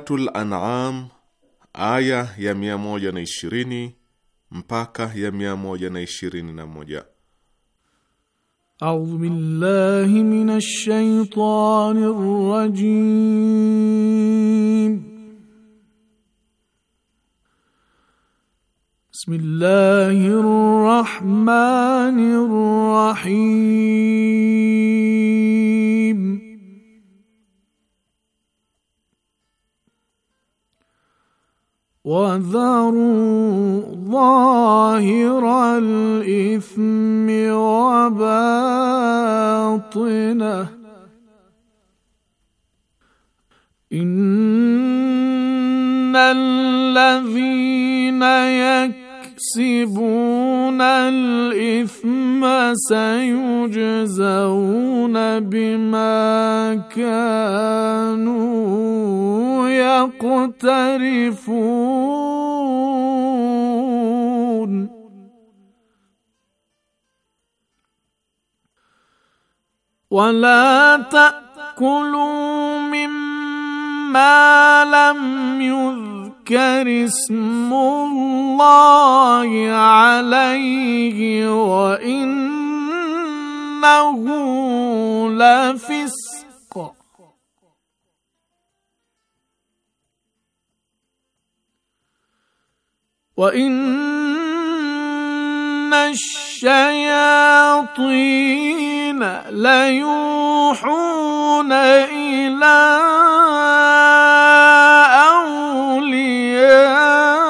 Suratul An'am aya ya na ishirini mpaka ya 121. A'udhu billahi minash shaitanir rajim. Bismillahir rahmanir rahim. وَاحْذَرُوا ظَاهِرَ الْإِثْمِ وَبَاطِنَهُ إِنَّ الَّذِينَ يَكْسِبُونَ الْإِثْمَ سَيُجْزَوْنَ بِمَا كَانُوا يَقْتَرِفُونَ ولا تأكلوا مما لم يذكر اسم الله عليه وإنه لفسق وإن الشياطين ليوحون إلى أولياء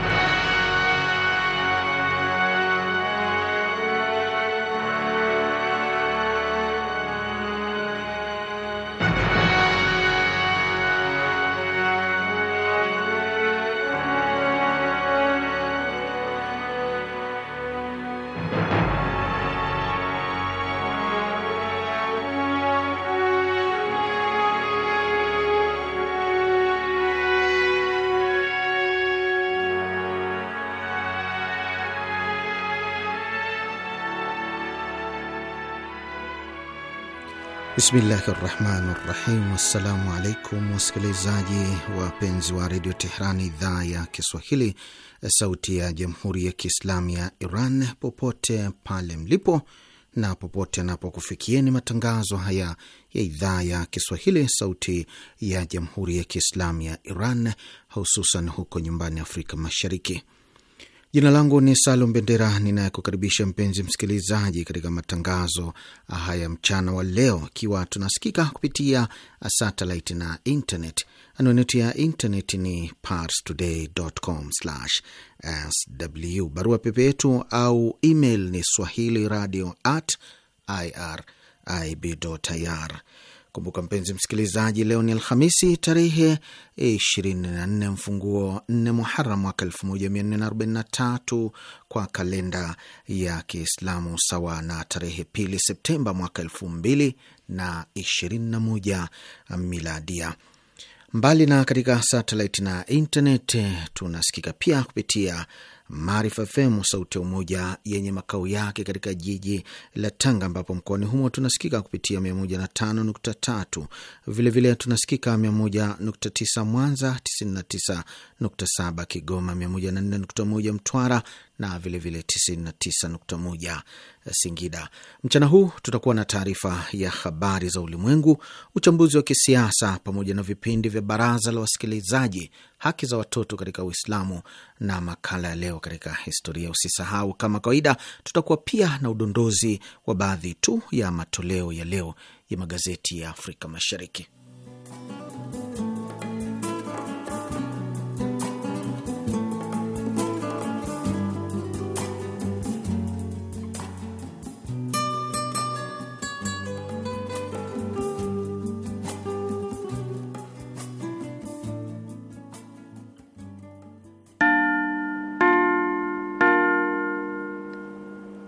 Bismillahi rahmani rahim. Assalamu alaikum wasikilizaji wapenzi wa redio Tehran, idhaa ya Kiswahili, sauti ya jamhuri ya kiislamu ya Iran, popote pale mlipo na popote anapokufikieni matangazo haya ya idhaa ya Kiswahili, sauti ya jamhuri ya kiislamu ya Iran, hususan huko nyumbani Afrika Mashariki. Jina langu ni Salum Bendera, ninayekukaribisha mpenzi msikilizaji katika matangazo haya mchana wa leo, akiwa tunasikika kupitia satellite na internet. Anwani ya internet ni parstoday.com/sw. Barua pepe yetu au email ni swahili radio at irib.ir. Kumbuka mpenzi msikilizaji, leo ni Alhamisi tarehe 24 mfunguo 4 Muharam mwaka 1443 kwa kalenda ya Kiislamu, sawa na tarehe pili Septemba mwaka 2021 miladia. Mbali na katika satelit na internet, tunasikika pia kupitia Maarifa FM, sauti ya Umoja, yenye makao yake katika jiji la Tanga, ambapo mkoani humo tunasikika kupitia 105.3. Vilevile tunasikika 101.9 Mwanza, 99.7 Kigoma, 104.1 Mtwara na vilevile 99.1 Singida. Mchana huu tutakuwa na taarifa ya habari za ulimwengu, uchambuzi wa kisiasa, pamoja na vipindi vya baraza la wasikilizaji haki za watoto katika Uislamu na makala ya leo katika historia. Usisahau kama kawaida, tutakuwa pia na udondozi wa baadhi tu ya matoleo ya leo ya magazeti ya Afrika Mashariki.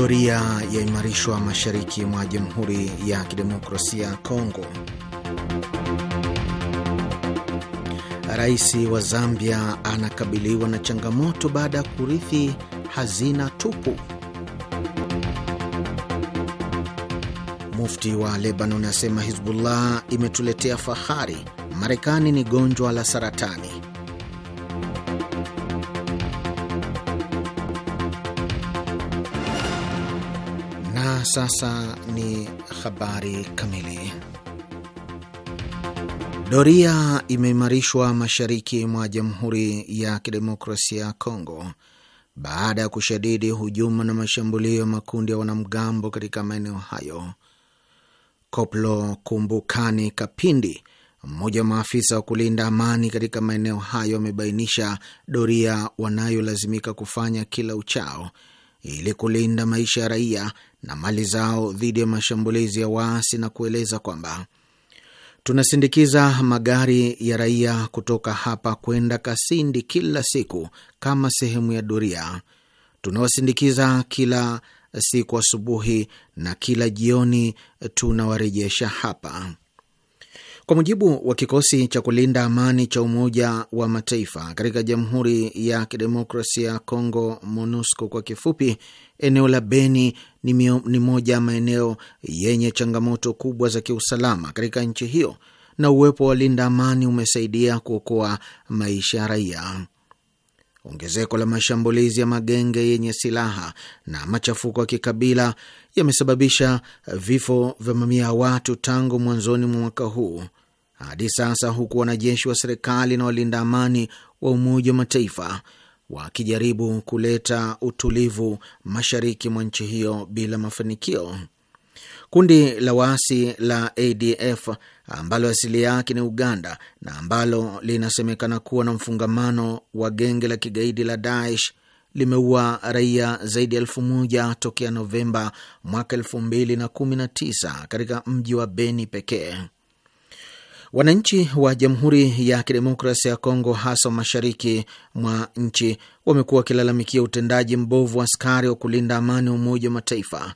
Doria yaimarishwa mashariki mwa Jamhuri ya Kidemokrasia Kongo. Rais wa Zambia anakabiliwa na changamoto baada ya kurithi hazina tupu. Mufti wa Lebanon asema Hizbullah imetuletea fahari. Marekani ni gonjwa la saratani. sasa ni habari kamili. Doria imeimarishwa mashariki mwa Jamhuri ya Kidemokrasia ya Kongo baada ya kushadidi hujuma na mashambulio ya makundi ya wanamgambo katika maeneo hayo. Koplo Kumbukani Kapindi, mmoja wa maafisa wa kulinda amani katika maeneo hayo, amebainisha doria wanayolazimika kufanya kila uchao ili kulinda maisha ya raia na mali zao dhidi ya mashambulizi ya waasi na kueleza kwamba tunasindikiza magari ya raia kutoka hapa kwenda Kasindi kila siku kama sehemu ya doria. Tunawasindikiza kila siku asubuhi na kila jioni tunawarejesha hapa. Kwa mujibu wa kikosi cha kulinda amani cha Umoja wa Mataifa katika Jamhuri ya Kidemokrasia ya Kongo, MONUSCO kwa kifupi, eneo la Beni ni, mio, ni moja ya maeneo yenye changamoto kubwa za kiusalama katika nchi hiyo, na uwepo wa walinda amani umesaidia kuokoa maisha ya raia. Ongezeko la mashambulizi ya magenge yenye silaha na machafuko ya kikabila yamesababisha vifo vya mamia ya watu tangu mwanzoni mwa mwaka huu hadi sasa, huku wanajeshi wa serikali na walinda amani wa Umoja wa Mataifa wakijaribu kuleta utulivu mashariki mwa nchi hiyo bila mafanikio. Kundi la waasi la ADF ambalo asili yake ni Uganda na ambalo linasemekana kuwa na mfungamano wa genge la kigaidi la Daesh limeua raia zaidi ya elfu moja tokea Novemba mwaka elfu mbili na kumi na tisa katika mji wa Beni pekee. Wananchi wa Jamhuri ya Kidemokrasia ya Kongo, hasa mashariki mwa nchi, wamekuwa wakilalamikia utendaji mbovu wa askari wa kulinda amani wa Umoja wa Mataifa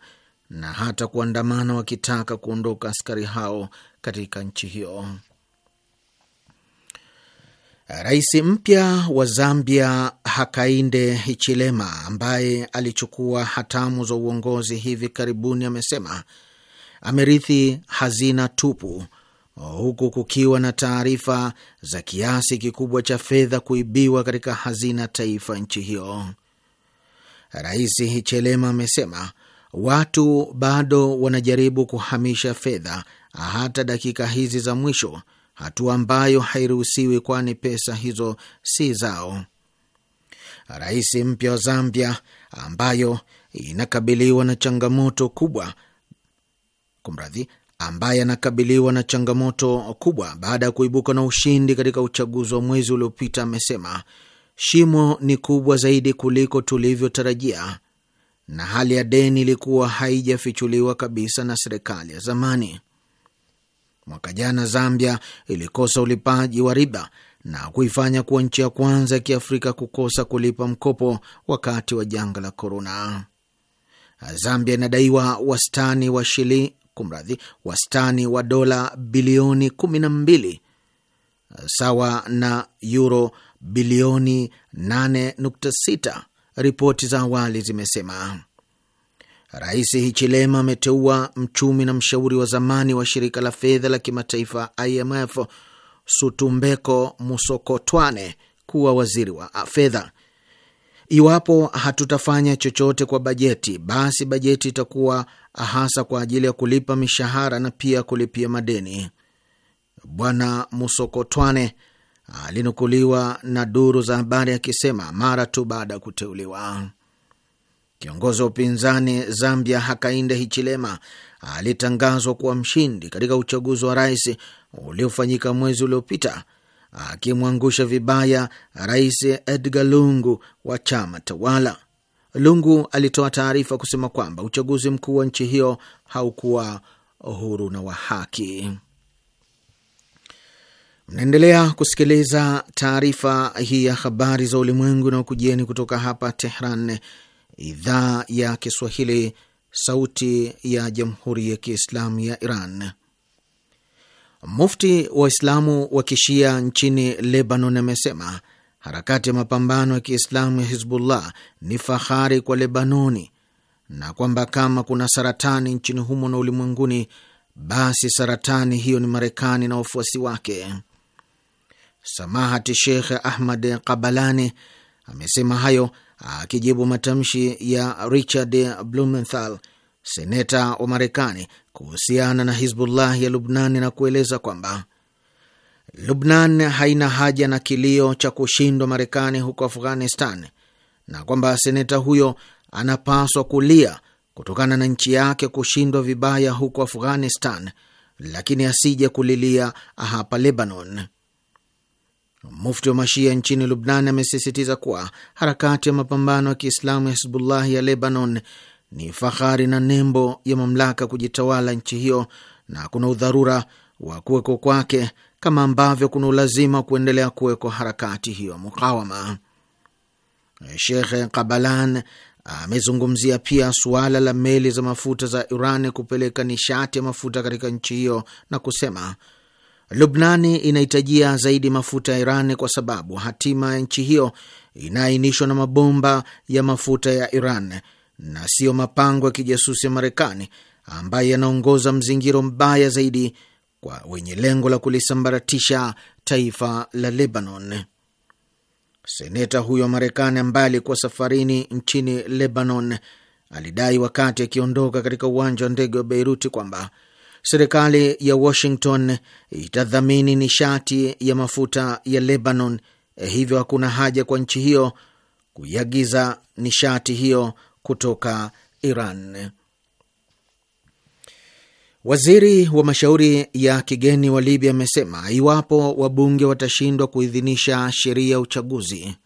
na hata kuandamana wakitaka kuondoka askari hao katika nchi hiyo. Rais mpya wa Zambia Hakainde Hichilema, ambaye alichukua hatamu za uongozi hivi karibuni, amesema amerithi hazina tupu huku kukiwa na taarifa za kiasi kikubwa cha fedha kuibiwa katika hazina taifa nchi hiyo. Rais Hichelema amesema watu bado wanajaribu kuhamisha fedha hata dakika hizi za mwisho, hatua ambayo hairuhusiwi, kwani pesa hizo si zao. Rais mpya wa Zambia ambayo inakabiliwa na changamoto kubwa, kumradhi, ambaye anakabiliwa na changamoto kubwa baada ya kuibuka na ushindi katika uchaguzi wa mwezi uliopita, amesema shimo ni kubwa zaidi kuliko tulivyotarajia na hali ya deni ilikuwa haijafichuliwa kabisa na serikali ya zamani. Mwaka jana Zambia ilikosa ulipaji wa riba na kuifanya kuwa nchi ya kwanza ya kiafrika kukosa kulipa mkopo wakati wa janga la korona. Zambia inadaiwa wastani wa shilingi kumradhi, wastani wa dola bilioni 12 sawa na euro bilioni 8.6, ripoti za awali zimesema. Rais Hichilema ameteua mchumi na mshauri wa zamani wa shirika la fedha la kimataifa IMF Sutumbeko Musokotwane kuwa waziri wa fedha. Iwapo hatutafanya chochote kwa bajeti, basi bajeti itakuwa hasa kwa ajili ya kulipa mishahara na pia kulipia madeni. Bwana Musokotwane alinukuliwa na duru za habari akisema mara tu baada ya kuteuliwa. Kiongozi wa upinzani Zambia Hakainde Hichilema alitangazwa kuwa mshindi katika uchaguzi wa rais uliofanyika mwezi uliopita akimwangusha vibaya Rais Edgar Lungu wa chama tawala. Lungu alitoa taarifa kusema kwamba uchaguzi mkuu wa nchi hiyo haukuwa huru na wa haki. Mnaendelea kusikiliza taarifa hii ya habari za ulimwengu na ukujieni kutoka hapa Tehran, idhaa ya Kiswahili, sauti ya jamhuri ya kiislamu ya Iran. Mufti Waislamu wa kishia nchini Lebanon amesema harakati ya mapambano ya kiislamu ya Hizbullah ni fahari kwa Lebanoni na kwamba kama kuna saratani nchini humo na ulimwenguni, basi saratani hiyo ni Marekani na wafuasi wake. Samahati Sheikh Ahmad Kabalani amesema hayo akijibu matamshi ya Richard Blumenthal, seneta wa Marekani kuhusiana na Hizbullah ya lubnan na kueleza kwamba Lubnan haina haja na kilio cha kushindwa Marekani huko Afghanistan na kwamba seneta huyo anapaswa kulia kutokana na nchi yake kushindwa vibaya huko Afghanistan, lakini asije kulilia hapa Lebanon. Mufti wa Mashia nchini Lubnan amesisitiza kuwa harakati ya mapambano ya Kiislamu ya Hizbullahi ya Lebanon ni fahari na nembo ya mamlaka kujitawala nchi hiyo, na kuna udharura wa kuweko kwake kama ambavyo kuna ulazima wa kuendelea kuweko harakati hiyo mukawama. Shekhe Kabalan amezungumzia pia suala la meli za mafuta za Iran kupeleka nishati ya mafuta katika nchi hiyo na kusema Lubnani inahitajia zaidi mafuta ya Iran kwa sababu hatima ya nchi hiyo inaainishwa na mabomba ya mafuta ya Iran na siyo mapango ya kijasusi ya Marekani ambaye yanaongoza mzingiro mbaya zaidi kwa wenye lengo la kulisambaratisha taifa la Lebanon. Seneta huyo wa Marekani ambaye alikuwa safarini nchini Lebanon alidai wakati akiondoka katika uwanja wa ndege wa Beiruti kwamba serikali ya Washington itadhamini nishati ya mafuta ya Lebanon, eh, hivyo hakuna haja kwa nchi hiyo kuiagiza nishati hiyo kutoka Iran. Waziri wa mashauri ya kigeni wa Libya amesema iwapo wabunge watashindwa kuidhinisha sheria ya uchaguzi,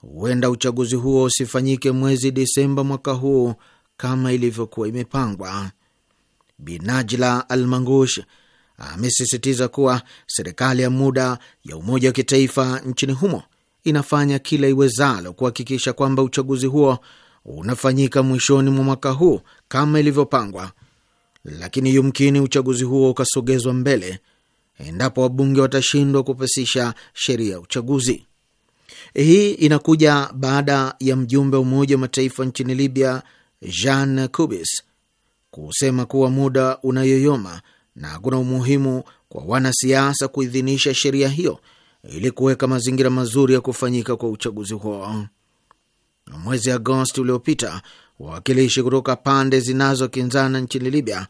huenda uchaguzi huo usifanyike mwezi disemba mwaka huu kama ilivyokuwa imepangwa. Binajla Almangush amesisitiza kuwa serikali ya muda ya umoja wa kitaifa nchini humo inafanya kila iwezalo kuhakikisha kwamba uchaguzi huo unafanyika mwishoni mwa mwaka huu kama ilivyopangwa, lakini yumkini uchaguzi huo ukasogezwa mbele endapo wabunge watashindwa kupasisha sheria ya uchaguzi. Hii inakuja baada ya mjumbe wa Umoja wa Mataifa nchini Libya Jean Kubis kusema kuwa muda unayoyoma na hakuna umuhimu kwa wanasiasa kuidhinisha sheria hiyo ili kuweka mazingira mazuri ya kufanyika kwa uchaguzi huo. Mwezi Agosti uliopita, wawakilishi kutoka pande zinazokinzana nchini Libya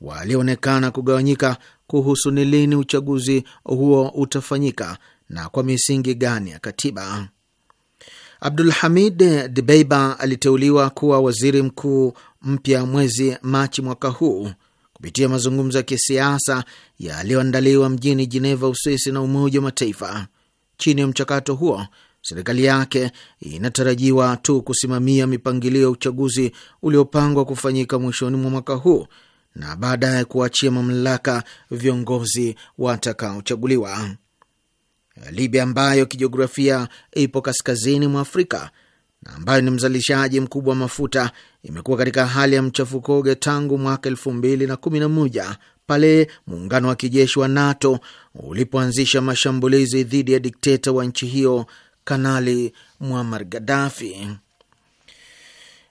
walionekana kugawanyika kuhusu ni lini uchaguzi huo utafanyika na kwa misingi gani ya katiba. Abdul Hamid Dibeiba aliteuliwa kuwa waziri mkuu mpya mwezi Machi mwaka huu kupitia mazungumzo ya kisiasa yaliyoandaliwa mjini Jeneva, Uswisi na Umoja wa Mataifa. Chini ya mchakato huo, serikali yake inatarajiwa tu kusimamia mipangilio ya uchaguzi uliopangwa kufanyika mwishoni mwa mwaka huu na baadaye kuachia mamlaka viongozi watakaochaguliwa. Libya ambayo kijiografia ipo kaskazini mwa Afrika na ambayo ni mzalishaji mkubwa wa mafuta imekuwa katika hali ya mchafukoge tangu mwaka elfu mbili na kumi na moja pale muungano wa kijeshi wa NATO ulipoanzisha mashambulizi dhidi ya dikteta wa nchi hiyo Kanali Muammar Gaddafi.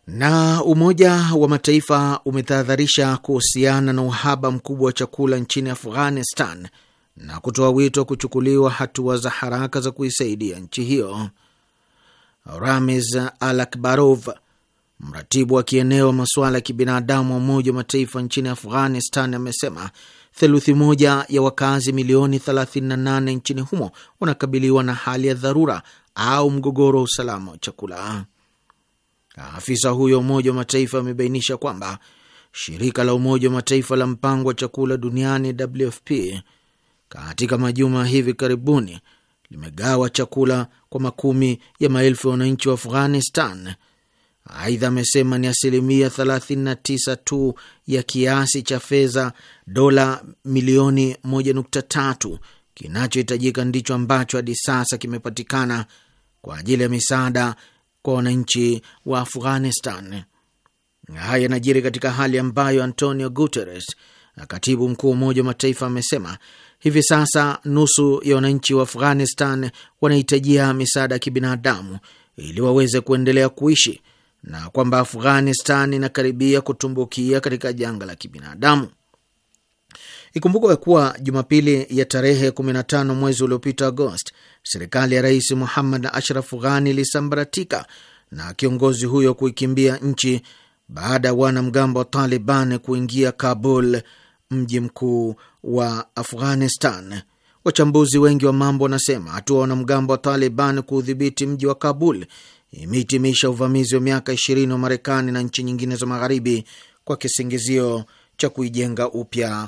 Na Umoja wa Mataifa umetahadharisha kuhusiana na uhaba mkubwa wa chakula nchini Afghanistan na kutoa wito wa kuchukuliwa hatua za haraka za kuisaidia nchi hiyo. Ramiz Alakbarov, mratibu wa kieneo wa masuala ya kibinadamu wa Umoja wa Mataifa nchini Afghanistan, amesema theluthi moja ya wakazi milioni 38 nchini humo wanakabiliwa na hali ya dharura au mgogoro wa usalama wa chakula. Afisa huyo Umoja wa Mataifa amebainisha kwamba shirika la Umoja wa Mataifa la mpango wa chakula duniani WFP katika majuma hivi karibuni limegawa chakula kwa makumi ya maelfu ya wananchi wa Afghanistan. Aidha, amesema ni asilimia 39 tu ya kiasi cha fedha dola milioni kinachohitajika ndicho ambacho hadi sasa kimepatikana kwa ajili ya misaada kwa wananchi wa Afghanistan. Haya yanajiri katika hali ambayo Antonio Guterres, katibu mkuu wa Umoja wa Mataifa, amesema hivi sasa nusu ya wananchi wa Afghanistan wanahitajia misaada ya kibinadamu ili waweze kuendelea kuishi na kwamba Afghanistan inakaribia kutumbukia katika janga la kibinadamu. Ikumbukwe kuwa Jumapili ya tarehe 15 mwezi uliopita Agosti, serikali ya Rais Muhammad Ashraf Ghani ilisambaratika na kiongozi huyo kuikimbia nchi baada ya wanamgambo wa Taliban kuingia Kabul, mji mkuu wa Afghanistan. Wachambuzi wengi wa mambo wanasema hatua wanamgambo wa Taliban kuudhibiti mji wa Kabul imehitimisha uvamizi wa miaka ishirini wa Marekani na nchi nyingine za Magharibi kwa kisingizio cha kuijenga upya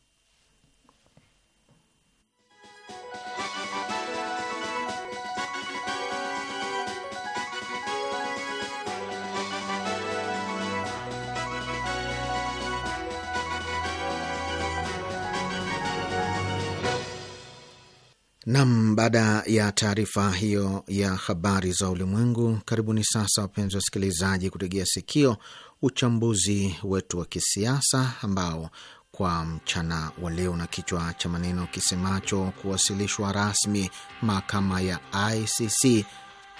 Nam, baada ya taarifa hiyo ya habari za ulimwengu, karibuni sasa wapenzi wasikilizaji, kutegea sikio uchambuzi wetu wa kisiasa ambao kwa mchana wa leo na kichwa cha maneno kisemacho kuwasilishwa rasmi mahakama ya ICC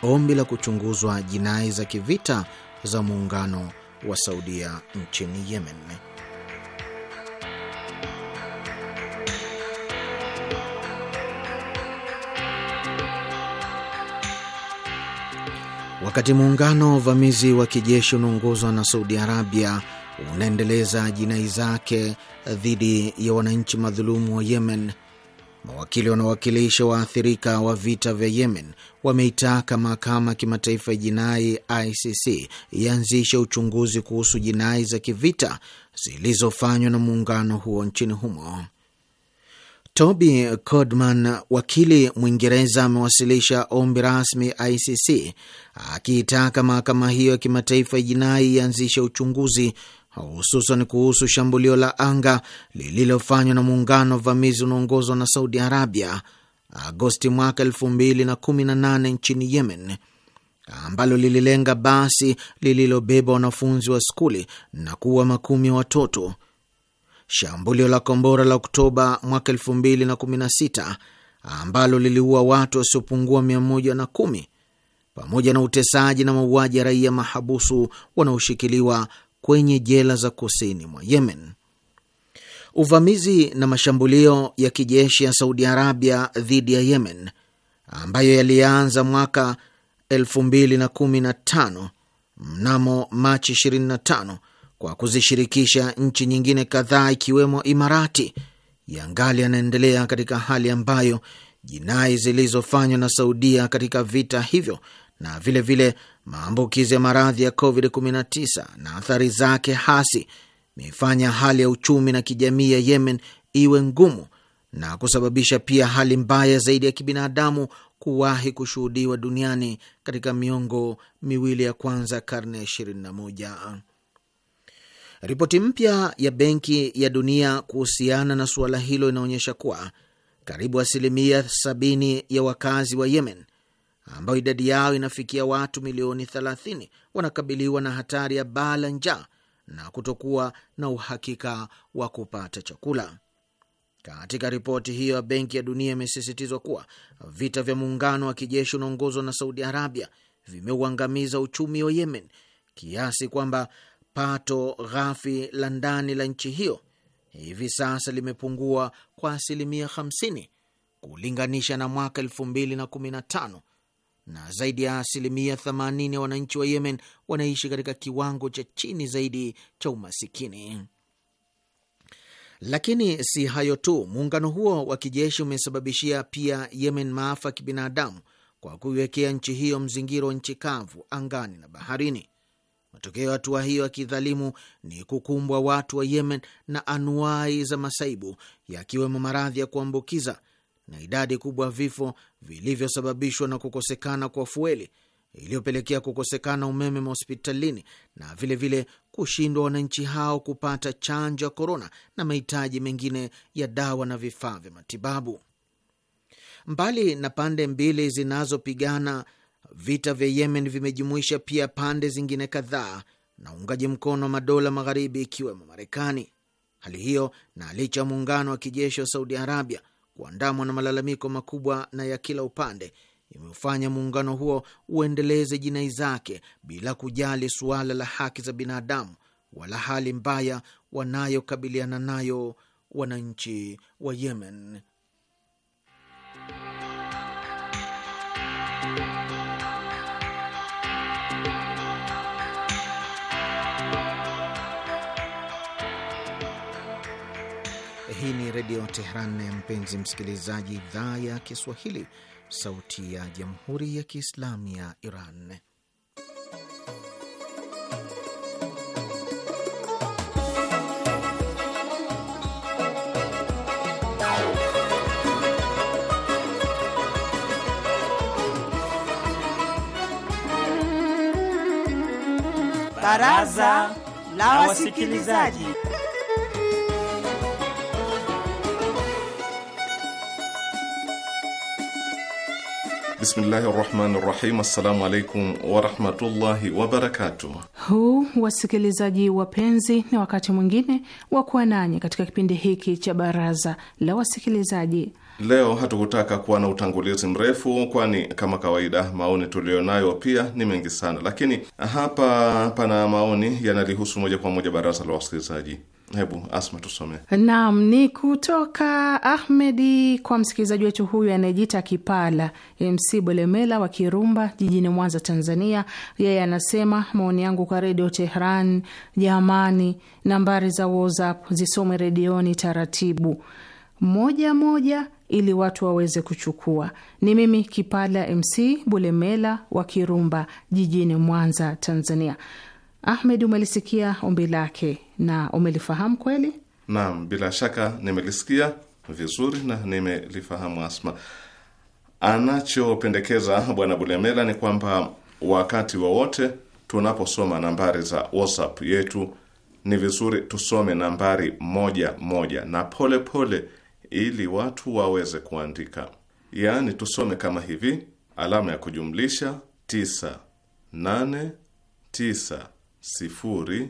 ombi la kuchunguzwa jinai za kivita za muungano wa Saudia nchini Yemen. Wakati muungano wa uvamizi wa kijeshi unaongozwa na Saudi Arabia unaendeleza jinai zake dhidi ya wananchi madhulumu wa Yemen, mawakili wanaowakilisha waathirika wa vita vya Yemen wameitaka mahakama ya kimataifa ya jinai ICC ianzishe uchunguzi kuhusu jinai za kivita zilizofanywa na muungano huo nchini humo. Toby Codman, wakili Mwingereza, amewasilisha ombi rasmi ICC akiitaka mahakama hiyo ya kimataifa ya jinai ianzishe uchunguzi hususan kuhusu shambulio la anga lililofanywa na muungano wa vamizi unaongozwa na Saudi Arabia Agosti mwaka elfu nchini Yemen, ambalo lililenga basi lililobeba wanafunzi wa skuli na kuwa makumi ya watoto Shambulio la kombora la Oktoba mwaka ambalo liliua watu wasiopungua 110 pamoja na utesaji na mauaji ya raia mahabusu wanaoshikiliwa kwenye jela za kusini mwa Yemen. Uvamizi na mashambulio ya kijeshi ya Saudi Arabia dhidi ya Yemen ambayo yalianza mwaka 2015 mnamo Machi 25 kwa kuzishirikisha nchi nyingine kadhaa ikiwemo Imarati yangali yanaendelea katika hali ambayo jinai zilizofanywa na Saudia katika vita hivyo na vilevile maambukizi ya maradhi ya COVID-19 na athari zake hasi imefanya hali ya uchumi na kijamii ya Yemen iwe ngumu na kusababisha pia hali mbaya zaidi ya kibinadamu kuwahi kushuhudiwa duniani katika miongo miwili ya kwanza karne ya 21. Ripoti mpya ya Benki ya Dunia kuhusiana na suala hilo inaonyesha kuwa karibu asilimia 70 ya wakazi wa Yemen ambayo idadi yao inafikia watu milioni 30 wanakabiliwa na hatari ya baa la njaa na kutokuwa na uhakika wa kupata chakula. Katika ripoti hiyo ya Benki ya Dunia imesisitizwa kuwa vita vya muungano wa kijeshi unaongozwa na Saudi Arabia vimeuangamiza uchumi wa Yemen kiasi kwamba pato ghafi la ndani la nchi hiyo hivi sasa limepungua kwa asilimia 50 kulinganisha na mwaka 2015 na zaidi ya asilimia 80 ya wananchi wa Yemen wanaishi katika kiwango cha chini zaidi cha umasikini. Lakini si hayo tu, muungano huo wa kijeshi umesababishia pia Yemen maafa ya kibinadamu kwa kuiwekea nchi hiyo mzingiro wa nchi kavu, angani na baharini. Matokeo ya hatua hiyo ya kidhalimu ni kukumbwa watu wa Yemen na anuai za masaibu yakiwemo maradhi ya kuambukiza na idadi kubwa ya vifo vilivyosababishwa na kukosekana kwa fueli iliyopelekea kukosekana umeme mahospitalini na vilevile kushindwa wananchi hao kupata chanjo ya korona na mahitaji mengine ya dawa na vifaa vya matibabu. Mbali na pande mbili zinazopigana Vita vya Yemen vimejumuisha pia pande zingine kadhaa na uungaji mkono wa madola magharibi ikiwemo Marekani. Hali hiyo na licha ya muungano wa kijeshi wa Saudi Arabia kuandamwa na malalamiko makubwa na ya kila upande, imeufanya muungano huo uendeleze jinai zake bila kujali suala la haki za binadamu wala hali mbaya wanayokabiliana nayo wananchi wa Yemen. Hii ni Redio Tehran ya mpenzi msikilizaji, idhaa ya Kiswahili, sauti ya Jamhuri ya Kiislamu ya Iran. Baraza la Wasikilizaji. Bismillahi rahmani rahim. Assalamu alaikum warahmatullahi wabarakatuh. Huu wasikilizaji wapenzi, ni wakati mwingine wa kuwa nanyi katika kipindi hiki cha baraza la wasikilizaji. Leo hatukutaka kuwa na utangulizi mrefu, kwani kama kawaida maoni tuliyonayo pia ni mengi sana, lakini hapa pana maoni yanalihusu moja kwa moja baraza la wasikilizaji. Hebu Asma tusome. Naam, ni kutoka Ahmedi kwa msikilizaji wetu huyu anayejita Kipala MC bulemela wa Kirumba jijini Mwanza, Tanzania. Yeye anasema maoni yangu kwa Redio Tehran, jamani, nambari za WhatsApp zisome redioni taratibu, moja moja ili watu waweze kuchukua. Ni mimi Kipala MC Bulemela wa Kirumba jijini Mwanza, Tanzania. Ahmed, umelisikia ombi lake na umelifahamu kweli? Naam, bila shaka nimelisikia vizuri na nimelifahamu. Asma, anachopendekeza bwana Bulemela ni kwamba wakati wowote wa tunaposoma nambari za WhatsApp yetu ni vizuri tusome nambari moja moja na pole pole, ili watu waweze kuandika. Yaani tusome kama hivi: alama ya kujumlisha tisa nane tisa sifuri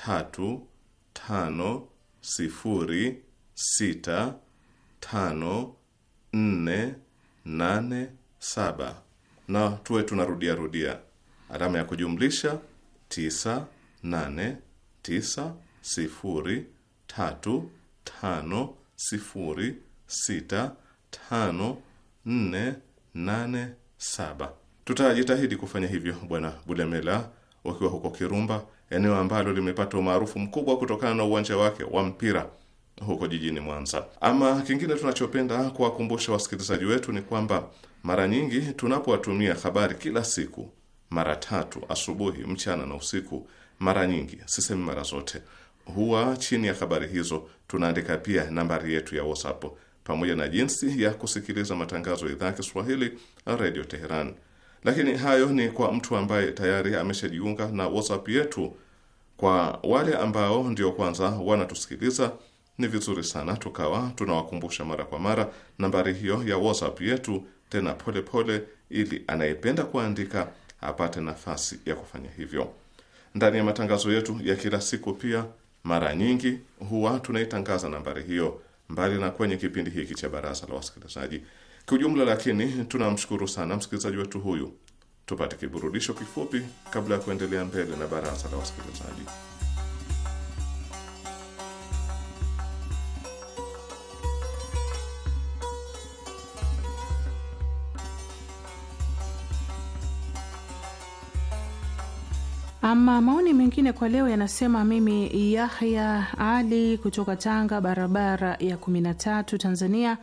tatu tano sifuri sita tano nne nane saba na tuwe tunarudia rudia alama ya kujumlisha tisa nane tisa sifuri tatu tano sifuri sita tano nne nane saba. Tutajitahidi kufanya hivyo, Bwana Bulemela, wakiwa huko Kirumba eneo ambalo limepata umaarufu mkubwa kutokana na uwanja wake wa mpira huko jijini Mwanza. Ama kingine tunachopenda kuwakumbusha wasikilizaji wetu ni kwamba mara nyingi tunapowatumia habari kila siku mara tatu, asubuhi, mchana na usiku, mara nyingi, sisemi mara zote, huwa chini ya habari hizo tunaandika pia nambari yetu ya WhatsApp pamoja na jinsi ya kusikiliza matangazo ya idhaa ya Kiswahili, Radio Teheran lakini hayo ni kwa mtu ambaye tayari ameshajiunga na WhatsApp yetu. Kwa wale ambao ndio kwanza wanatusikiliza, ni vizuri sana tukawa tunawakumbusha mara kwa mara nambari hiyo ya WhatsApp yetu, tena polepole pole, ili anayependa kuandika apate nafasi ya kufanya hivyo. Ndani ya matangazo yetu ya kila siku pia mara nyingi huwa tunaitangaza nambari hiyo, mbali na kwenye kipindi hiki cha Baraza la Wasikilizaji Kiujumla lakini tunamshukuru sana msikilizaji wetu huyu. Tupate kiburudisho kifupi kabla ya kuendelea mbele na baraza la wasikilizaji. Ama maoni mengine kwa leo yanasema, mimi Yahya Ali kutoka Tanga, barabara ya kumi na tatu, Tanzania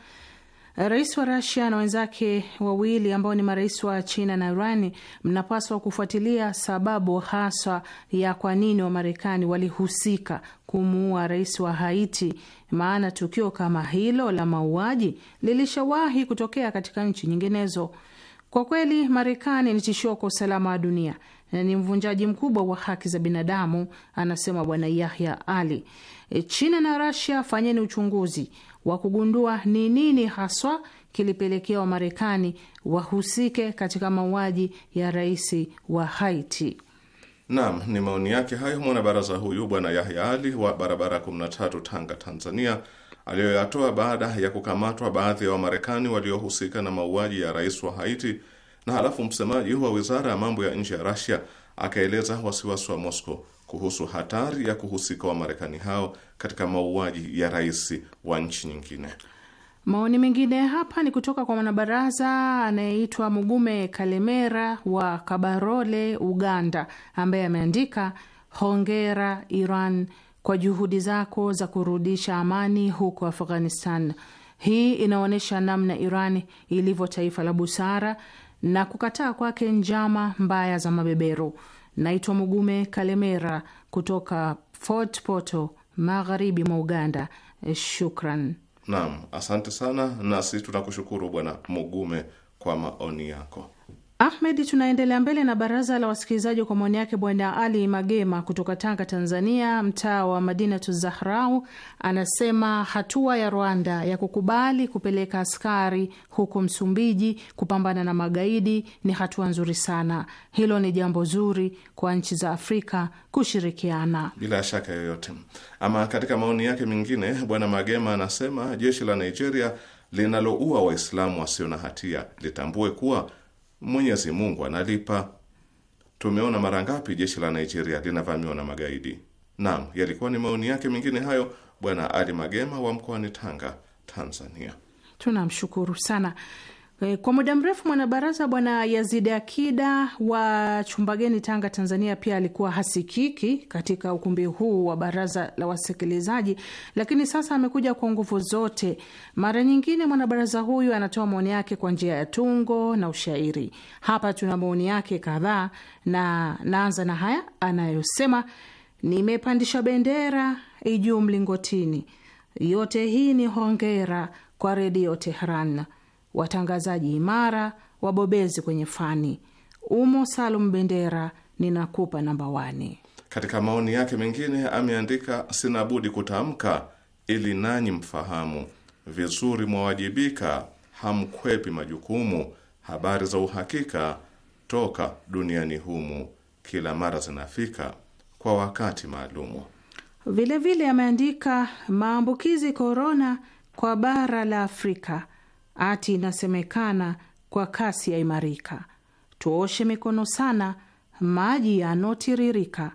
Rais wa Rasia na wenzake wawili ambao ni marais wa China na Irani mnapaswa kufuatilia sababu haswa ya kwa nini Wamarekani walihusika kumuua rais wa Haiti, maana tukio kama hilo la mauaji lilishawahi kutokea katika nchi nyinginezo. Kwa kweli, Marekani ni tishio kwa usalama wa dunia na ni mvunjaji mkubwa wa haki za binadamu, anasema Bwana Yahya Ali. E, China na Rasia, fanyeni uchunguzi wa kugundua ni nini haswa kilipelekea Wamarekani wahusike katika mauaji ya rais wa Haiti. Naam, ni maoni yake hayo mwanabaraza huyu Bwana Yahya Ali wa barabara 13 Tanga, Tanzania, aliyoyatoa baada ya kukamatwa baadhi ya Wamarekani waliohusika na mauaji ya rais wa Haiti. Na halafu msemaji wa wizara ya mambo ya nje ya Rasia akaeleza wasiwasi wa Moscow kuhusu hatari ya kuhusika wa Marekani hao katika mauaji ya rais wa nchi nyingine. Maoni mengine hapa ni kutoka kwa mwanabaraza anayeitwa Mugume Kalemera wa Kabarole, Uganda, ambaye ameandika hongera Iran kwa juhudi zako za kurudisha amani huko Afghanistan. Hii inaonyesha namna Iran ilivyo taifa la busara na kukataa kwake njama mbaya za mabeberu. Naitwa Mugume Kalemera kutoka Fort Poto, magharibi mwa Uganda. Eh, shukran. Naam, asante sana, nasi tunakushukuru Bwana Mugume kwa maoni yako. Ahmed, tunaendelea mbele na baraza la wasikilizaji kwa maoni yake bwana Ali Magema kutoka Tanga, Tanzania, mtaa wa Madinatu Zahrau, anasema hatua ya Rwanda ya kukubali kupeleka askari huko Msumbiji kupambana na magaidi ni hatua nzuri sana. Hilo ni jambo zuri kwa nchi za Afrika kushirikiana bila shaka yoyote. Ama katika maoni yake mengine, bwana Magema anasema jeshi la Nigeria linaloua Waislamu wasio na hatia litambue kuwa Mwenyezi Mungu analipa. Tumeona mara ngapi jeshi la Nigeria linavamiwa na magaidi. Naam, yalikuwa ni maoni yake mengine hayo, Bwana Ali Magema wa mkoani Tanga, Tanzania. Tunamshukuru sana. Eh, kwa muda mrefu mwanabaraza Bwana Yazidi Akida wa Chumbageni, Tanga, Tanzania, pia alikuwa hasikiki katika ukumbi huu wa baraza la wasikilizaji, lakini sasa amekuja kwa nguvu zote. Mara nyingine mwanabaraza huyu anatoa maoni yake kwa njia ya tungo na ushairi. Hapa tuna maoni yake kadhaa, na naanza na haya anayosema: nimepandisha bendera ijuu mlingotini, yote hii ni hongera kwa Redio Tehran watangazaji imara, wabobezi kwenye fani. Umo Salum Bendera, ninakupa namba wane. Katika maoni yake mengine ameandika, sina budi kutamka ili nanyi mfahamu vizuri, mwawajibika, hamkwepi majukumu, habari za uhakika toka duniani humu, kila mara zinafika kwa wakati maalumu. Vilevile ameandika maambukizi korona kwa bara la Afrika ati inasemekana kwa kasi ya imarika. Tuoshe mikono sana, maji yanotiririka.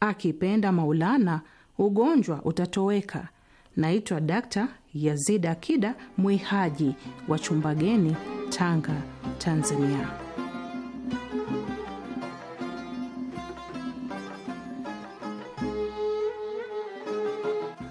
Akipenda Maulana, ugonjwa utatoweka. Naitwa Dakta yazid Akida Mwihaji wa Chumbageni, Tanga, Tanzania.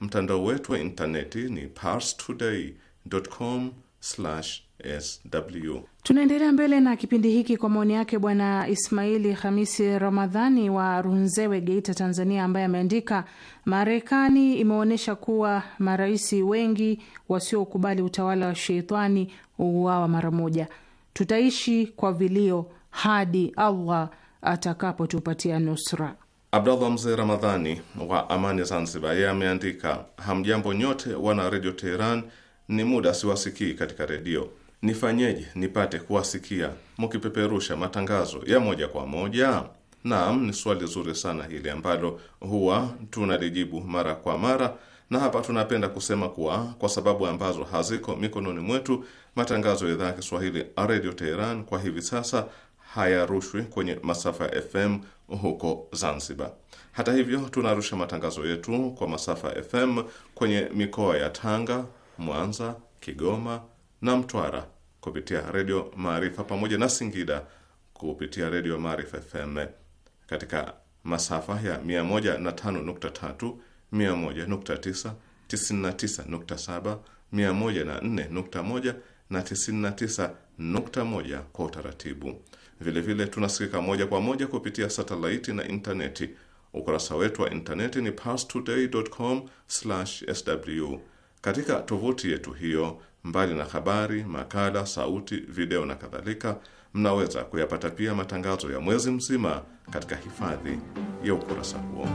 Mtandao wetu wa intaneti ni parstoday.com sw. Tunaendelea mbele na kipindi hiki kwa maoni yake Bwana Ismaili Hamisi Ramadhani wa Runzewe, Geita, Tanzania, ambaye ameandika Marekani imeonyesha kuwa marais wengi wasiokubali utawala wa sheitani uuawa mara moja. Tutaishi kwa vilio hadi Allah atakapotupatia nusra. Abdallah Mzee Ramadhani wa Amani Zanzibar, yeye ameandika hamjambo nyote wana Redio Teheran, ni muda siwasikii katika redio, nifanyeje nipate kuwasikia mkipeperusha matangazo ya moja kwa moja? Naam, ni swali zuri sana hili ambalo huwa tunalijibu mara kwa mara, na hapa tunapenda kusema kuwa kwa sababu ambazo haziko mikononi mwetu, matangazo ya idhaa ya Kiswahili Redio Teheran kwa hivi sasa hayarushwi kwenye masafa ya FM huko Zanzibar. Hata hivyo, tunarusha matangazo yetu kwa masafa FM kwenye mikoa ya Tanga, Mwanza, Kigoma na Mtwara kupitia Redio Maarifa pamoja na Singida kupitia Redio Maarifa FM katika masafa ya 105.3, 101.9, 99.7, 104.1 na 99.1 kwa utaratibu. Vilevile vile, tunasikika moja kwa moja kupitia satelaiti na intaneti. Ukurasa wetu wa intaneti ni parstoday.com/sw. Katika tovuti yetu hiyo, mbali na habari, makala, sauti, video na kadhalika, mnaweza kuyapata pia matangazo ya mwezi mzima katika hifadhi ya ukurasa huo.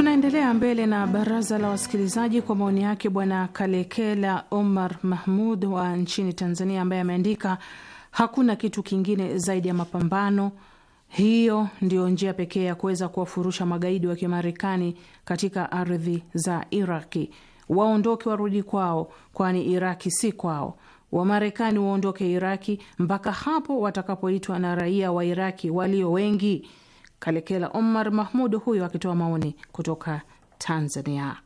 Tunaendelea mbele na baraza la wasikilizaji kwa maoni yake Bwana Kalekela Omar Mahmud wa nchini Tanzania, ambaye ameandika hakuna kitu kingine zaidi ya mapambano. Hiyo ndiyo njia pekee ya kuweza kuwafurusha magaidi wa Kimarekani katika ardhi za Iraki. Waondoke warudi kwao, kwani Iraki si kwao. Wamarekani waondoke Iraki mpaka hapo watakapoitwa na raia wa Iraki walio wengi Kalekela Omar Mahmud huyo akitoa maoni kutoka Tanzania.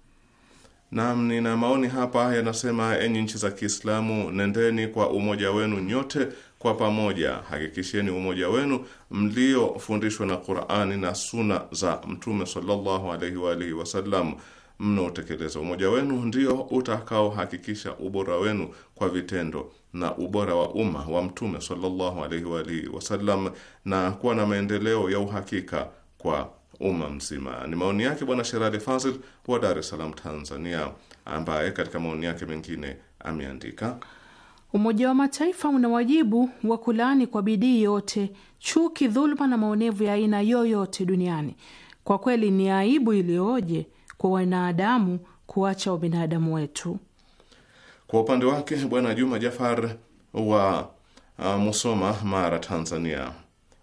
Naam, nina maoni hapa yanasema: enyi nchi za Kiislamu, nendeni kwa umoja wenu nyote kwa pamoja, hakikisheni umoja wenu mliofundishwa na Qur'ani na suna za Mtume sallallahu alaihi wa alihi wasallam mnaotekeleza umoja wenu ndio utakaohakikisha ubora wenu kwa vitendo na ubora wa umma wa Mtume sallallahu alaihi wa alihi wasallam na kuwa na maendeleo ya uhakika kwa umma mzima. Ni maoni yake Bwana Sherali Fazil wa Dar es Salaam, Tanzania, ambaye katika maoni yake mengine ameandika Umoja wa Mataifa una wajibu wa kulaani kwa bidii yote chuki, dhuluma na maonevu ya aina yoyote duniani. Kwa kweli ni aibu iliyoje kwa wanadamu kuacha ubinadamu wetu. Kwa upande wake Bwana Juma Jafar wa uh, Musoma, Mara, Tanzania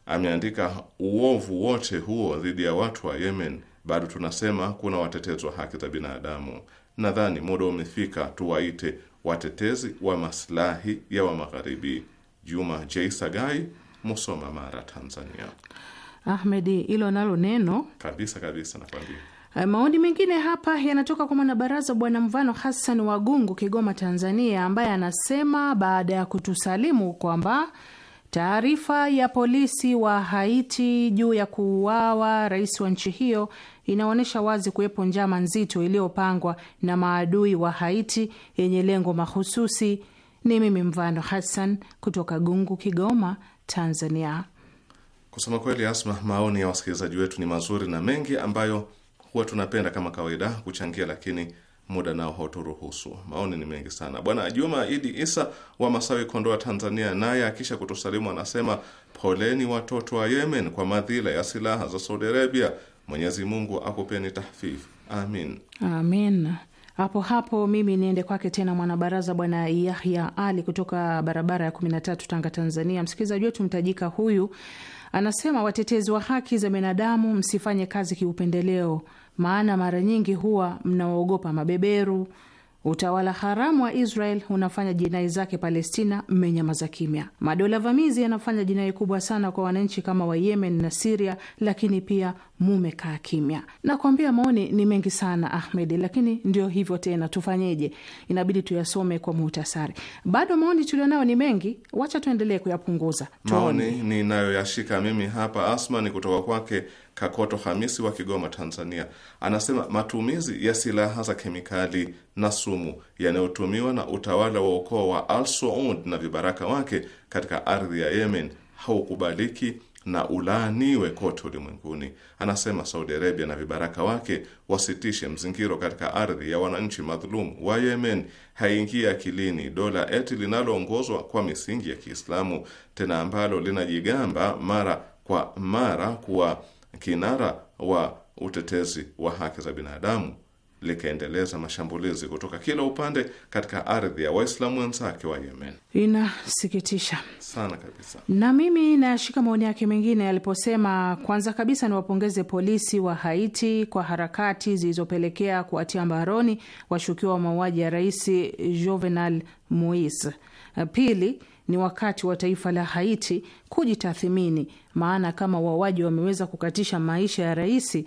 ameandika uovu wote huo dhidi ya watu wa Yemen bado tunasema kuna watetezi wa haki za binadamu. Nadhani muda umefika tuwaite watetezi wa maslahi ya wa magharibi. Juma J Sagai, Musoma, Mara, Tanzania. Ahmedi, hilo nalo neno kabisa kabisa, nakwambia Eh, maoni mengine hapa yanatoka kwa mwanabaraza Bwana Mvano Hassan Wagungu, Kigoma, Tanzania, ambaye anasema baada ya kutusalimu kwamba taarifa ya polisi wa Haiti juu ya kuuawa rais wa nchi hiyo inaonyesha wazi kuwepo njama nzito iliyopangwa na maadui wa Haiti yenye lengo mahususi. Ni mimi Mvano Hassan kutoka Gungu, Kigoma, Tanzania. Kusema kweli, Asma, maoni ya wasikilizaji wetu ni mazuri na mengi ambayo huwa tunapenda kama kawaida kuchangia, lakini muda nao hauturuhusu. Maoni ni mengi sana. Bwana Juma Idi Isa wa Masawi, Kondoa, Tanzania, naye akisha kutusalimu anasema poleni watoto wa Yemen kwa madhila ya silaha za Saudi Arabia. Mwenyezi Mungu akupeni tahfifu, amin, amin. Hapo hapo mimi niende kwake tena mwanabaraza bwana Yahya Ali kutoka barabara ya tatu Tanga, Tanzania. Msikilizaji wetu mtajika huyu anasema, watetezi wa haki za binadamu, msifanye kazi kiupendeleo maana mara nyingi huwa mnawaogopa mabeberu. Utawala haramu wa Israel unafanya jinai zake Palestina, mmenyamaza kimya. Madola vamizi yanafanya jinai kubwa sana kwa wananchi kama wa Yemen na Siria, lakini pia mumekaa kimya. Nakwambia, maoni ni mengi sana Ahmed, lakini ndio hivyo tena, tufanyeje? Inabidi tuyasome kwa muhtasari. Bado maoni tulionayo ni mengi, wacha tuendelee kuyapunguza. Maoni ninayoyashika mimi hapa Asma ni kutoka kwake Kakoto Hamisi wa Kigoma, Tanzania, anasema matumizi ya silaha za kemikali na sumu yanayotumiwa na utawala wa ukoo wa Al Saud na vibaraka wake katika ardhi ya Yemen haukubaliki na ulaaniwe kote ulimwenguni. Anasema Saudi Arabia na vibaraka wake wasitishe mzingiro katika ardhi ya wananchi madhulumu wa Yemen. Haingie akilini dola eti linaloongozwa kwa misingi ya Kiislamu, tena ambalo linajigamba mara kwa mara kuwa kinara wa utetezi wa haki za binadamu, likaendeleza mashambulizi kutoka kila upande katika ardhi ya Waislamu wenzake wa Yemen. Inasikitisha sana kabisa, na mimi nayashika maoni yake mengine yaliposema, kwanza kabisa niwapongeze polisi wa Haiti kwa harakati zilizopelekea kuwatia mbaroni washukiwa wa mauaji ya Rais Jovenal Moise. Pili, ni wakati wa taifa la Haiti kujitathimini, maana kama wauaji wameweza kukatisha maisha ya rais,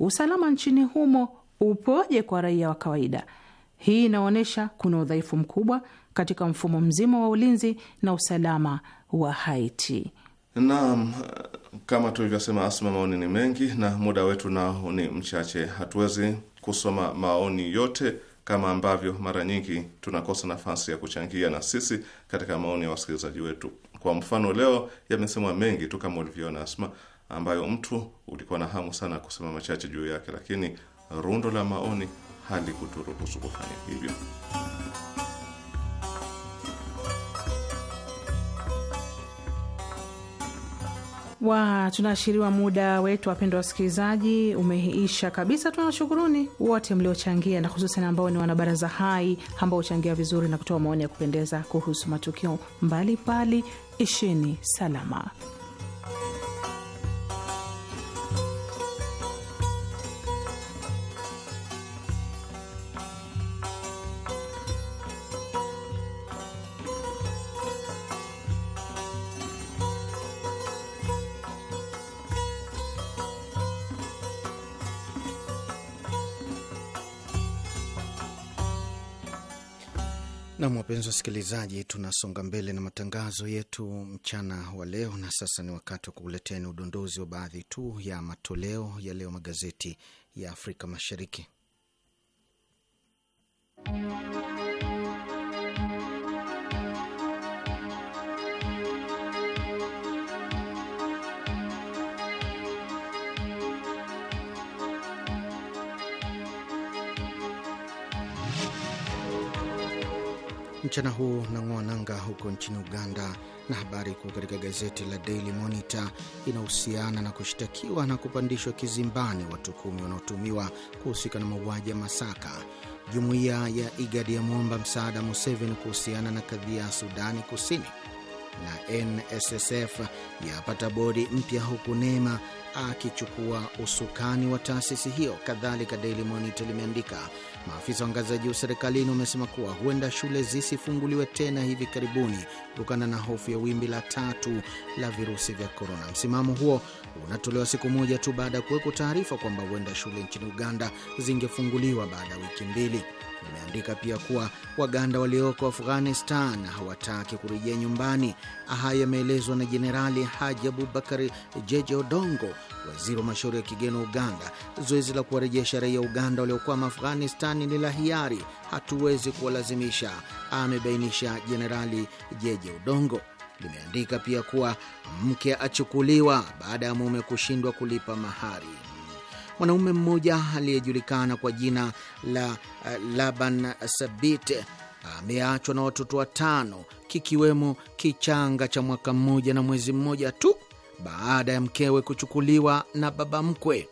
usalama nchini humo upoje kwa raia wa kawaida? Hii inaonyesha kuna udhaifu mkubwa katika mfumo mzima wa ulinzi na usalama wa Haiti. Naam, kama tulivyosema, Asma, maoni ni mengi na muda wetu nao ni mchache, hatuwezi kusoma maoni yote kama ambavyo mara nyingi tunakosa nafasi ya kuchangia na sisi katika maoni ya wasikilizaji wetu. Kwa mfano, leo yamesemwa mengi tu kama ulivyoona Asma, ambayo mtu ulikuwa na hamu sana kusema machache juu yake, lakini rundo la maoni halikuturuhusu kufanya hivyo. wa tunaashiriwa muda wetu, wapendwa wasikilizaji, umeisha kabisa. Tunawashukuruni wote mliochangia na hususan ambao ni wanabaraza hai ambao huchangia vizuri na kutoa maoni ya kupendeza kuhusu matukio mbalimbali. Ishini salama. wapenzi wasikilizaji, tunasonga mbele na matangazo yetu mchana wa leo, na sasa ni wakati wa kukuleteni udondozi wa baadhi tu ya matoleo ya leo magazeti ya Afrika Mashariki. mchana huu na nanga huko nchini Uganda. Na habari kuu katika gazeti la Daily Monitor inahusiana na kushtakiwa na kupandishwa kizimbani watu kumi wanaotumiwa kuhusika na mauaji ya Masaka. Jumuiya ya IGADI yamwomba msaada Museveni kuhusiana na kadhia ya Sudani Kusini, na NSSF yapata bodi mpya huku Neema akichukua usukani wa taasisi hiyo. Kadhalika, Daily Monitor limeandika Maafisa wa ngazi za juu serikalini wamesema kuwa huenda shule zisifunguliwe tena hivi karibuni kutokana na hofu ya wimbi la tatu la virusi vya korona. Msimamo huo unatolewa siku moja tu baada ya kuwekwa taarifa kwamba huenda shule nchini Uganda zingefunguliwa baada ya wiki mbili. Imeandika pia kuwa Waganda walioko Afghanistan hawataki kurejea nyumbani. Haya yameelezwa na Jenerali Haji Abubakar Jeje Odongo, waziri wa mashauri ya kigeni wa Uganda. Zoezi la kuwarejesha raia Uganda waliokwama Afghanistani ni la hiari, hatuwezi kuwalazimisha, amebainisha Jenerali Jeje Odongo. Limeandika pia kuwa mke achukuliwa baada ya mume kushindwa kulipa mahari. Mwanaume mmoja aliyejulikana kwa jina la eh, Laban Sabit ameachwa na watoto watano kikiwemo kichanga cha mwaka mmoja na mwezi mmoja tu baada ya mkewe kuchukuliwa na baba mkwe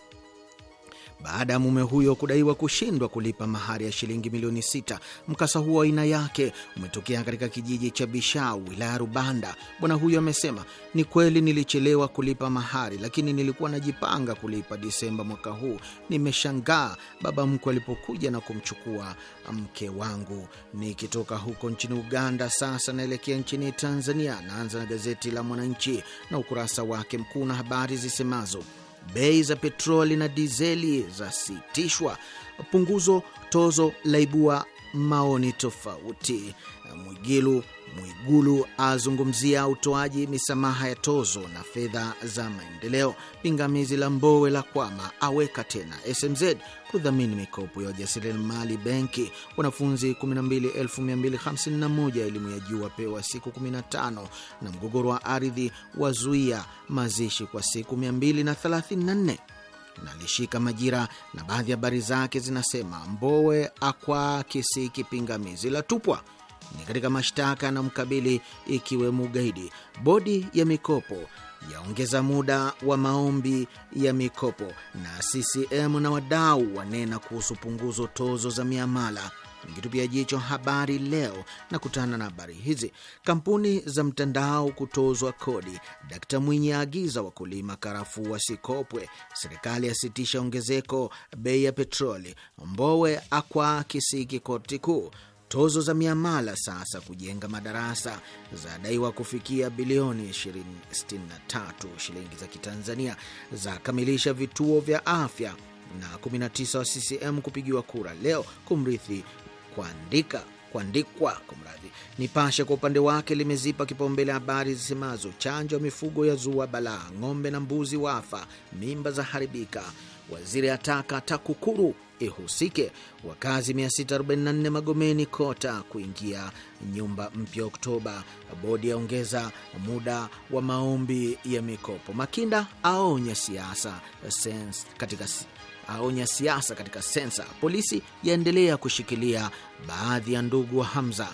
baada ya mume huyo kudaiwa kushindwa kulipa mahari ya shilingi milioni sita. Mkasa huo aina yake umetokea katika kijiji cha Bishau, wilaya Rubanda. Bwana huyo amesema, ni kweli nilichelewa kulipa mahari, lakini nilikuwa najipanga kulipa Disemba mwaka huu. Nimeshangaa baba mkwe alipokuja na kumchukua mke wangu. Nikitoka huko nchini Uganda, sasa naelekea nchini Tanzania. Naanza na gazeti la Mwananchi na ukurasa wake mkuu na habari zisemazo bei za petroli na dizeli zasitishwa. Punguzo tozo laibua maoni tofauti. Mwigilu Mwigulu azungumzia utoaji misamaha ya tozo na fedha za maendeleo. Pingamizi la Mbowe la kwama, aweka tena SMZ kudhamini mikopo ya wajasiriamali benki. Wanafunzi 12251 elimu ya juu wapewa siku 15, na mgogoro wa ardhi wazuia mazishi kwa siku 234 nalishika Majira na baadhi ya habari zake zinasema Mbowe akwa kisiki kipingamizi la tupwa ni katika mashtaka na mkabili ikiwemo ugaidi. Bodi ya mikopo yaongeza muda wa maombi ya mikopo, na CCM na wadau wanena kuhusu punguzo tozo za miamala. Nikitupia jicho habari leo na kutana na habari hizi: kampuni za mtandao kutozwa kodi, Dkt Mwinyi aagiza wakulima karafuu wasikopwe, serikali yasitisha ongezeko bei ya petroli, Mbowe akwa kisiki koti kuu tozo za miamala sasa kujenga madarasa zadaiwa kufikia bilioni 63 shilingi za Kitanzania, za kamilisha vituo vya afya na 19 wa CCM kupigiwa kura leo kumrithi kuandika kuandikwa kwa mradhi. Nipashe kwa upande wake limezipa kipaumbele habari zisemazo chanjo ya mifugo ya zua balaa, ng'ombe na mbuzi wafa, mimba za haribika, waziri ataka TAKUKURU ihusike. Wakazi 644 Magomeni Kota kuingia nyumba mpya Oktoba. Bodi yaongeza muda wa maombi ya mikopo. Makinda aonya siasa katika aonya siasa katika sensa. Polisi yaendelea kushikilia baadhi ya ndugu wa Hamza.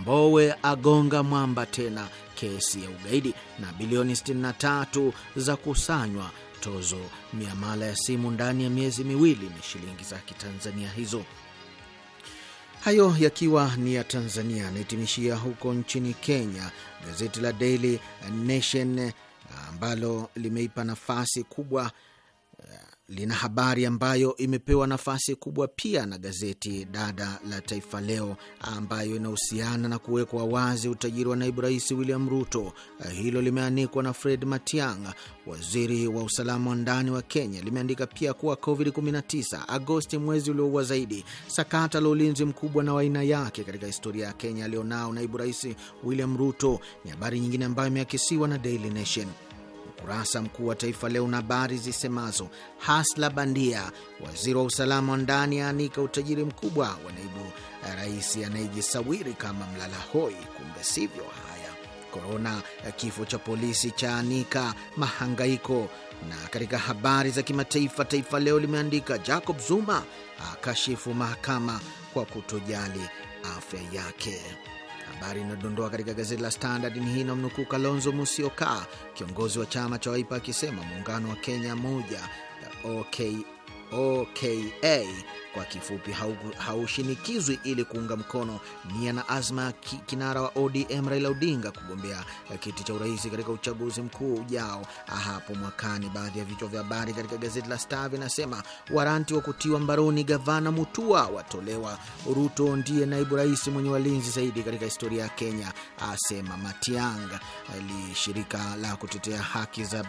Mbowe agonga mwamba tena kesi ya ugaidi, na bilioni 63 za kusanywa tozo miamala ya simu ndani ya miezi miwili ni shilingi za kitanzania hizo. Hayo yakiwa ni ya Tanzania. Anahitimishia huko nchini Kenya, gazeti la Daily Nation ambalo limeipa nafasi kubwa lina habari ambayo imepewa nafasi kubwa pia na gazeti dada la Taifa Leo, ambayo inahusiana na kuwekwa wazi utajiri wa naibu rais William Ruto. Hilo limeandikwa na Fred Matiang, waziri wa usalama wa ndani wa Kenya. Limeandika pia kuwa COVID-19 Agosti, mwezi ulioua zaidi, sakata la ulinzi mkubwa na waaina yake katika historia ya Kenya alionao naibu rais William Ruto ni habari nyingine ambayo imeakisiwa na Daily Nation. Ukurasa mkuu wa Taifa Leo na habari zisemazo hasla bandia, waziri wa usalama wa ndani aanika utajiri mkubwa wa naibu rais anayejisawiri kama mlala hoi, kumbe sivyo. Haya, korona, kifo cha polisi chaanika mahangaiko. Na katika habari za kimataifa, Taifa Leo limeandika Jacob Zuma akashifu mahakama kwa kutojali afya yake. Habari inayodondoa katika gazeti la Standard ni hii, namnukuu Kalonzo Musyoka, kiongozi wa chama cha Waipa, akisema muungano wa Kenya moja eh, OKA kwa kifupi haushinikizwi ili kuunga mkono nia na azma kinara wa ODM Raila Odinga kugombea kiti cha urais katika uchaguzi mkuu ujao hapo mwakani. Baadhi ya vichwa vya habari katika gazeti la Star vinasema waranti wa kutiwa mbaroni gavana Mutua watolewa. Ruto ndiye naibu rais mwenye walinzi zaidi katika historia ya Kenya, asema matiang Li Shirika la kutetea haki za,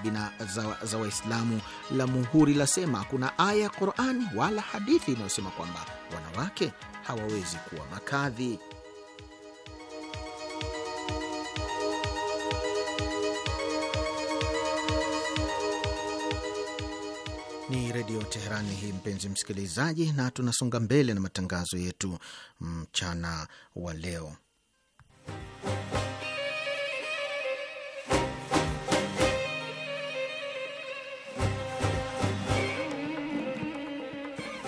za, za Waislamu la Muhuri lasema kuna aya Qurani wala hadithi inayos kusema kwamba wanawake hawawezi kuwa makadhi. Ni Redio Teherani hii, mpenzi msikilizaji, na tunasonga mbele na matangazo yetu mchana wa leo.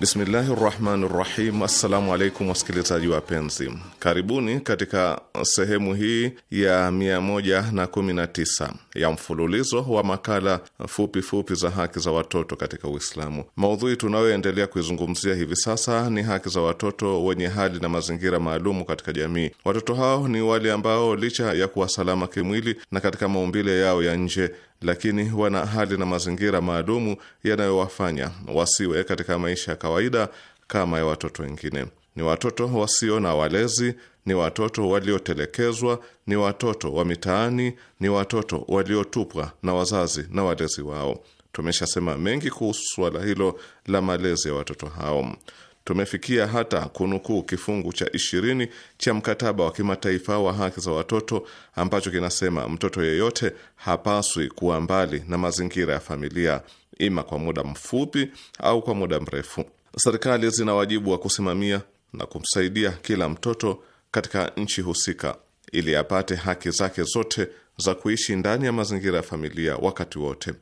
Bismillahi rahmani rahim. Assalamu alaikum wasikilizaji wapenzi, karibuni katika sehemu hii ya 119 ya mfululizo wa makala fupi fupi za haki za watoto katika Uislamu. Maudhui tunayoendelea kuizungumzia hivi sasa ni haki za watoto wenye hali na mazingira maalumu katika jamii. Watoto hao ni wale ambao licha ya kuwa salama kimwili na katika maumbile yao ya nje lakini wana hali na mazingira maalumu yanayowafanya wasiwe katika maisha ya kawaida kama ya watoto wengine. Ni watoto wasio na walezi, ni watoto waliotelekezwa, ni watoto wa mitaani, ni watoto waliotupwa na wazazi na walezi wao. Tumeshasema mengi kuhusu suala hilo la malezi ya watoto hao tumefikia hata kunukuu kifungu cha ishirini cha mkataba wa kimataifa wa haki za watoto ambacho kinasema mtoto yeyote hapaswi kuwa mbali na mazingira ya familia, ima kwa muda mfupi au kwa muda mrefu. Serikali zina wajibu wa kusimamia na kumsaidia kila mtoto katika nchi husika ili apate haki zake zote za kuishi ndani ya mazingira ya familia wakati wote.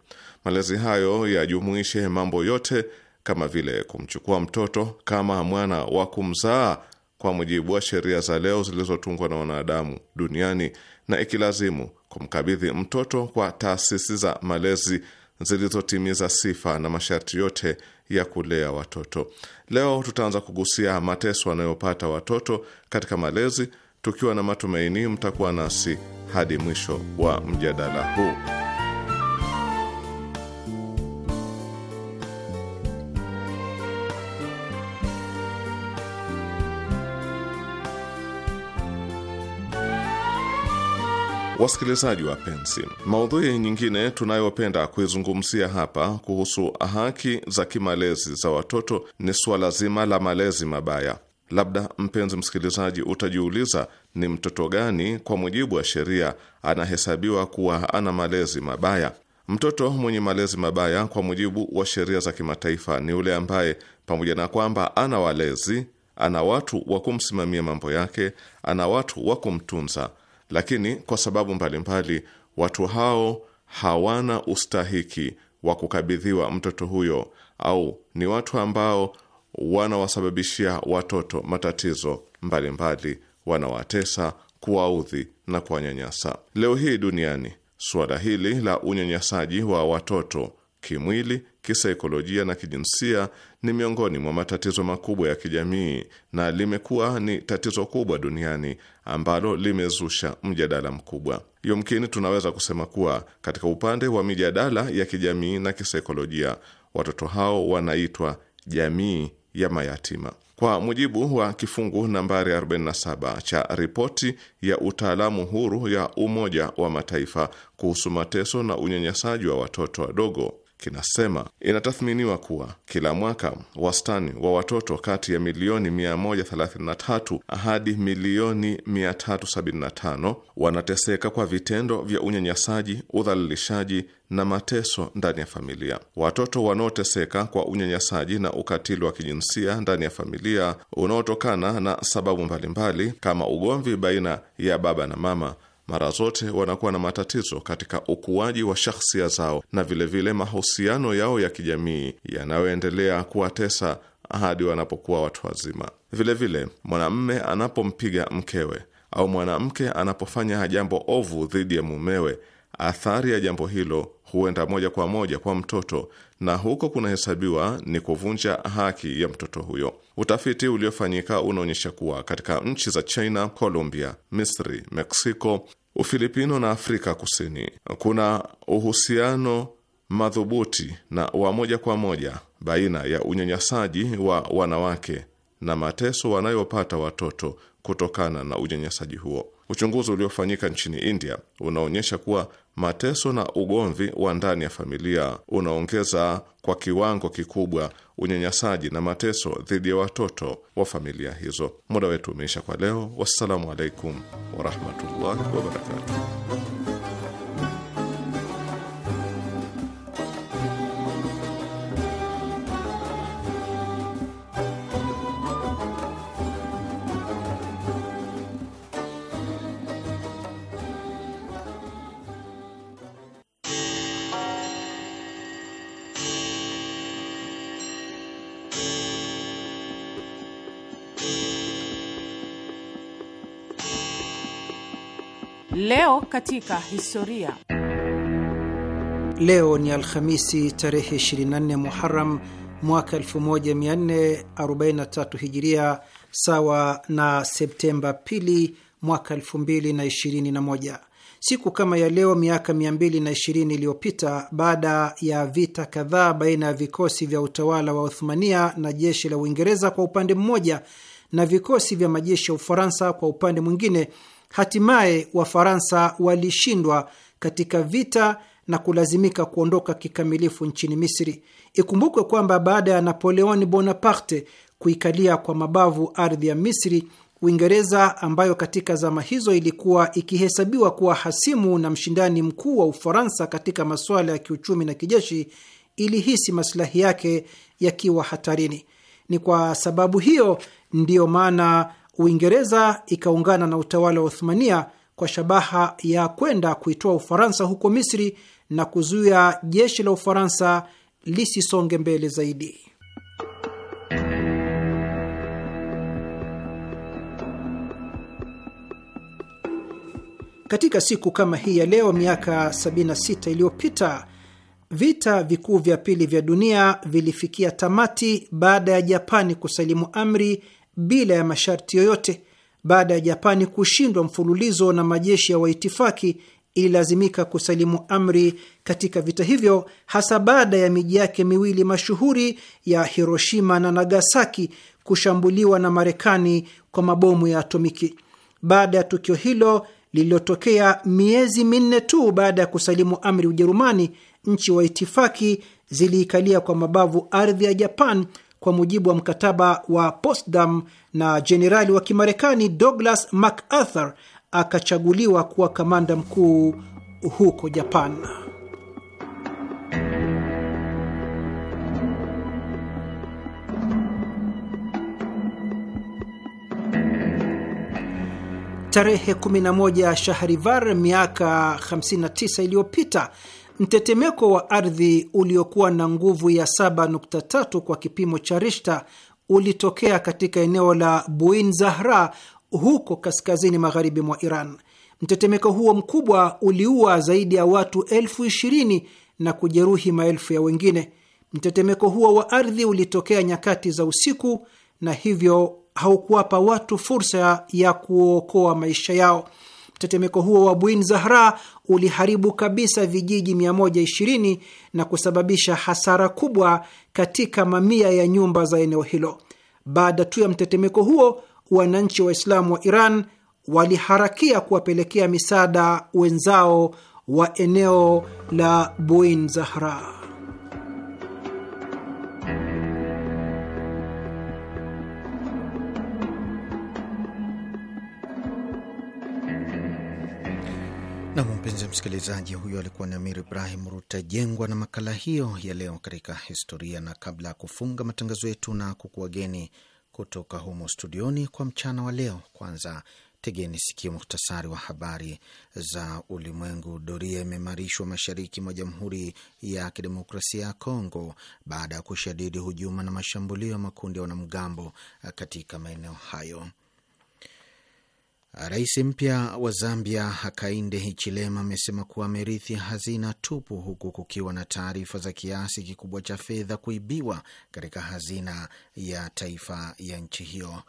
Malezi hayo yajumuishe mambo yote kama vile kumchukua mtoto kama mwana wa kumzaa kwa mujibu wa sheria za leo zilizotungwa na wanadamu duniani, na ikilazimu kumkabidhi mtoto kwa taasisi za malezi zilizotimiza sifa na masharti yote ya kulea watoto. Leo tutaanza kugusia mateso wanayopata watoto katika malezi, tukiwa na matumaini mtakuwa nasi hadi mwisho wa mjadala huu. Wasikilizaji wapenzi, maudhui nyingine tunayopenda kuizungumzia hapa kuhusu haki za kimalezi za watoto ni suala zima la malezi mabaya. Labda mpenzi msikilizaji, utajiuliza ni mtoto gani kwa mujibu wa sheria anahesabiwa kuwa ana malezi mabaya? Mtoto mwenye malezi mabaya kwa mujibu wa sheria za kimataifa ni yule ambaye pamoja na kwamba ana walezi, ana watu wa kumsimamia mambo yake, ana watu wa kumtunza lakini kwa sababu mbalimbali mbali, watu hao hawana ustahiki wa kukabidhiwa mtoto huyo au ni watu ambao wanawasababishia watoto matatizo mbalimbali mbali, wanawatesa, kuwaudhi na kuwanyanyasa. Leo hii duniani suala hili la unyanyasaji wa watoto kimwili, kisaikolojia na kijinsia ni miongoni mwa matatizo makubwa ya kijamii na limekuwa ni tatizo kubwa duniani ambalo limezusha mjadala mkubwa. Yomkini tunaweza kusema kuwa katika upande wa mijadala ya kijamii na kisaikolojia, watoto hao wanaitwa jamii ya mayatima. Kwa mujibu wa kifungu nambari 47 cha ripoti ya utaalamu huru ya Umoja wa Mataifa kuhusu mateso na unyanyasaji wa watoto wadogo, kinasema inatathminiwa kuwa kila mwaka wastani wa watoto kati ya milioni 133 hadi milioni 375 wanateseka kwa vitendo vya unyanyasaji, udhalilishaji na mateso ndani ya familia. Watoto wanaoteseka kwa unyanyasaji na ukatili wa kijinsia ndani ya familia unaotokana na sababu mbalimbali kama ugomvi baina ya baba na mama mara zote wanakuwa na matatizo katika ukuaji wa shakhsia zao na vilevile mahusiano yao ya kijamii yanayoendelea kuwatesa hadi wanapokuwa watu wazima. Vilevile, mwanamme anapompiga mkewe au mwanamke anapofanya jambo ovu dhidi ya mumewe, athari ya jambo hilo huenda moja kwa moja kwa mtoto na huko kunahesabiwa ni kuvunja haki ya mtoto huyo. Utafiti uliofanyika unaonyesha kuwa katika nchi za China, Colombia, Misri, Meksiko, Ufilipino na Afrika Kusini kuna uhusiano madhubuti na wa moja kwa moja baina ya unyanyasaji wa wanawake na mateso wanayopata watoto kutokana na unyanyasaji huo. Uchunguzi uliofanyika nchini India unaonyesha kuwa mateso na ugomvi wa ndani ya familia unaongeza kwa kiwango kikubwa unyanyasaji na mateso dhidi ya watoto wa familia hizo. Muda wetu umeisha kwa leo. Wassalamu alaikum warahmatullahi wabarakatuh. Leo katika historia. Leo ni Alhamisi tarehe 24 Muharam mwaka 1443 Hijiria, sawa na Septemba 2 mwaka 2021. Siku kama ya leo miaka 220 iliyopita, baada ya vita kadhaa baina ya vikosi vya utawala wa Uthmania na jeshi la Uingereza kwa upande mmoja na vikosi vya majeshi ya Ufaransa kwa upande mwingine hatimaye Wafaransa walishindwa katika vita na kulazimika kuondoka kikamilifu nchini Misri. Ikumbukwe kwamba baada ya Napoleon Bonaparte kuikalia kwa mabavu ardhi ya Misri, Uingereza ambayo katika zama hizo ilikuwa ikihesabiwa kuwa hasimu na mshindani mkuu wa Ufaransa katika masuala ya kiuchumi na kijeshi, ilihisi masilahi yake yakiwa hatarini. Ni kwa sababu hiyo ndiyo maana Uingereza ikaungana na utawala wa Uthmania kwa shabaha ya kwenda kuitoa Ufaransa huko Misri na kuzuia jeshi la Ufaransa lisisonge mbele zaidi. Katika siku kama hii ya leo miaka 76 iliyopita vita vikuu vya pili vya dunia vilifikia tamati baada ya Japani kusalimu amri bila ya masharti yoyote. Baada ya Japani kushindwa mfululizo na majeshi ya waitifaki, ililazimika kusalimu amri katika vita hivyo, hasa baada ya miji yake miwili mashuhuri ya Hiroshima na Nagasaki kushambuliwa na Marekani kwa mabomu ya atomiki. Baada ya tukio hilo lililotokea miezi minne tu baada ya kusalimu amri Ujerumani, nchi waitifaki ziliikalia kwa mabavu ardhi ya Japan kwa mujibu wa mkataba wa Potsdam, na jenerali wa Kimarekani Douglas MacArthur akachaguliwa kuwa kamanda mkuu huko Japan. Tarehe 11 Shahrivar miaka 59 iliyopita Mtetemeko wa ardhi uliokuwa na nguvu ya 7.3 kwa kipimo cha Rishta ulitokea katika eneo la Buin Zahra huko kaskazini magharibi mwa Iran. Mtetemeko huo mkubwa uliua zaidi ya watu elfu ishirini na kujeruhi maelfu ya wengine. Mtetemeko huo wa ardhi ulitokea nyakati za usiku na hivyo haukuwapa watu fursa ya kuokoa maisha yao. Mtetemeko huo wa Buin Zahra uliharibu kabisa vijiji 120 na kusababisha hasara kubwa katika mamia ya nyumba za eneo hilo. Baada tu ya mtetemeko huo, wananchi Waislamu wa Iran waliharakia kuwapelekea misaada wenzao wa eneo la Buin Zahra. Mpenzi msikilizaji, huyo alikuwa ni Amir Ibrahim Rutajengwa na makala hiyo ya leo katika historia. Na kabla ya kufunga matangazo yetu na kukuwageni kutoka humo studioni kwa mchana wa leo, kwanza tegeni sikio muhtasari wa habari za ulimwengu. Doria imeimarishwa mashariki mwa Jamhuri ya Kidemokrasia ya Kongo baada ya kushadidi hujuma na mashambulio ya makundi ya wanamgambo katika maeneo hayo. Rais mpya wa Zambia Hakainde Hichilema amesema kuwa amerithi hazina tupu huku kukiwa na taarifa za kiasi kikubwa cha fedha kuibiwa katika hazina ya taifa ya nchi hiyo.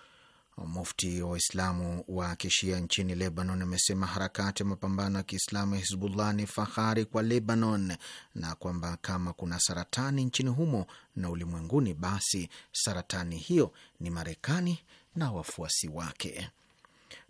Mufti wa Waislamu wa kishia nchini Lebanon amesema harakati ya mapambano ya Kiislamu ya Hizbullah ni fahari kwa Lebanon na kwamba kama kuna saratani nchini humo na ulimwenguni, basi saratani hiyo ni Marekani na wafuasi wake.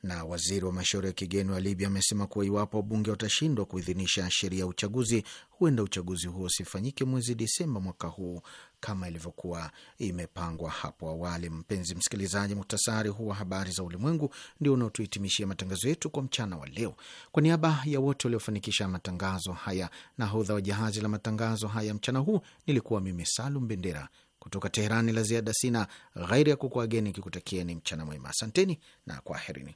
Na waziri wa mashauri ya kigeni wa Libya amesema kuwa iwapo wabunge watashindwa kuidhinisha sheria ya uchaguzi, huenda uchaguzi huo usifanyike mwezi Disemba mwaka huu kama ilivyokuwa imepangwa hapo awali. Mpenzi msikilizaji, muktasari huu wa habari za ulimwengu ndio unaotuhitimishia matangazo yetu kwa mchana wa leo. Kwa niaba ya wote waliofanikisha matangazo haya, nahodha wa jahazi la matangazo haya mchana huu nilikuwa mimi Salum Bendera kutoka Teherani. La ziada sina ghairi ya kukuageni, kikutakieni mchana mwema. Asanteni na kwaherini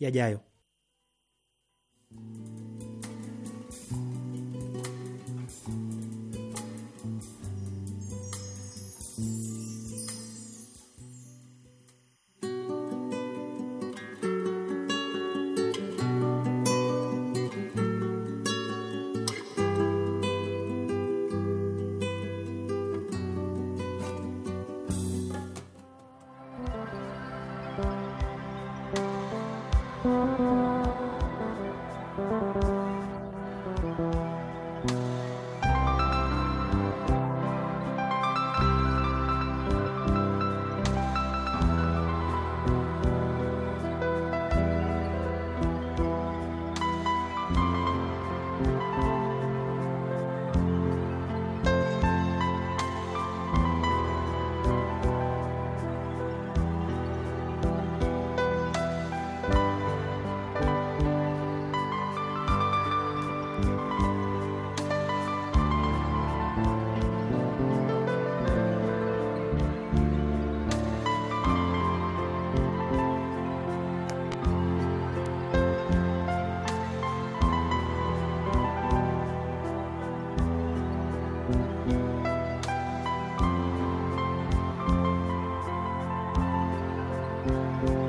yajayo. Música